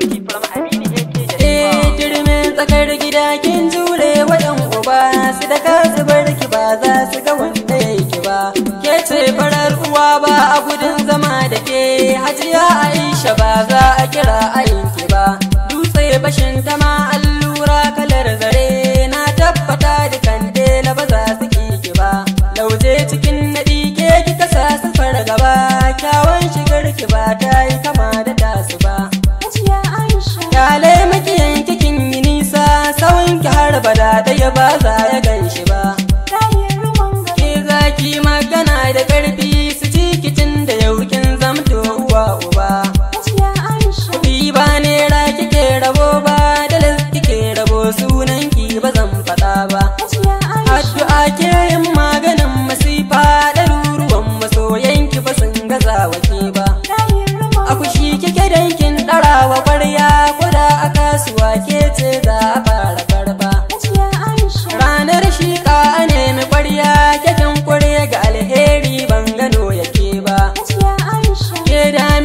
sauti from eh, tsakar gida kin jure wadan uba su da ka zubar ki ba za su ga wanda yake ba ke ce farar uwa ba a gudun zama da ke hajiya Aisha ba za a kira aiki ba dutse bashin ta ma allura kalar zare na tabbata da kandela ba za su ki kiba. lauje cikin nadi ke kika sa su fargaba kyawun shigar ki ba ɗaya ba za ya gan shi ba. Ke zaki magana da ƙarfi su ci kicin da yaukin zamto uwa uba. Kuɗi ba ki kike rabo ba, da dalas kike rabo sunan ki ba zan faɗa ba. Addu'a ke yin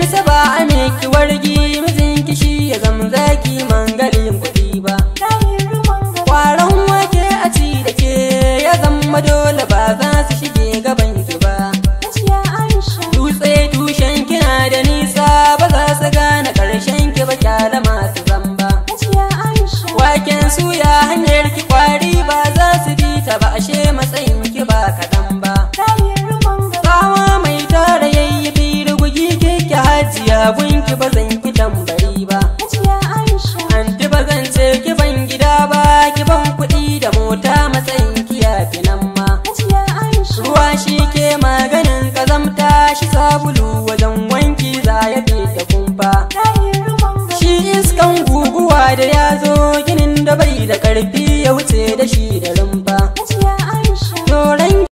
isa ba a miki wargi mazin kishi ya zama zaki mangalin kuɗi ba kwaron wake a ci da ke ya zama dole ba za su shige gaban ki ba dutse tushen kina da nisa ba za su gane ƙarshen ki ba kyala masu zamba waken suya hanyar ki kwari ba za su bi ta ba ashe masa gunki ba zan ki tambari ba anti ba zan ce ki ban gida ba ki ban kuɗi da mota matsayin ki ya fi nan ma ruwa shi ke maganin kazamta shi sabulu wajen wanki za ya fi da kumfa shi iskan guguwa da ya zo ginin da bai da ƙarfi ya wuce da shi da rumfa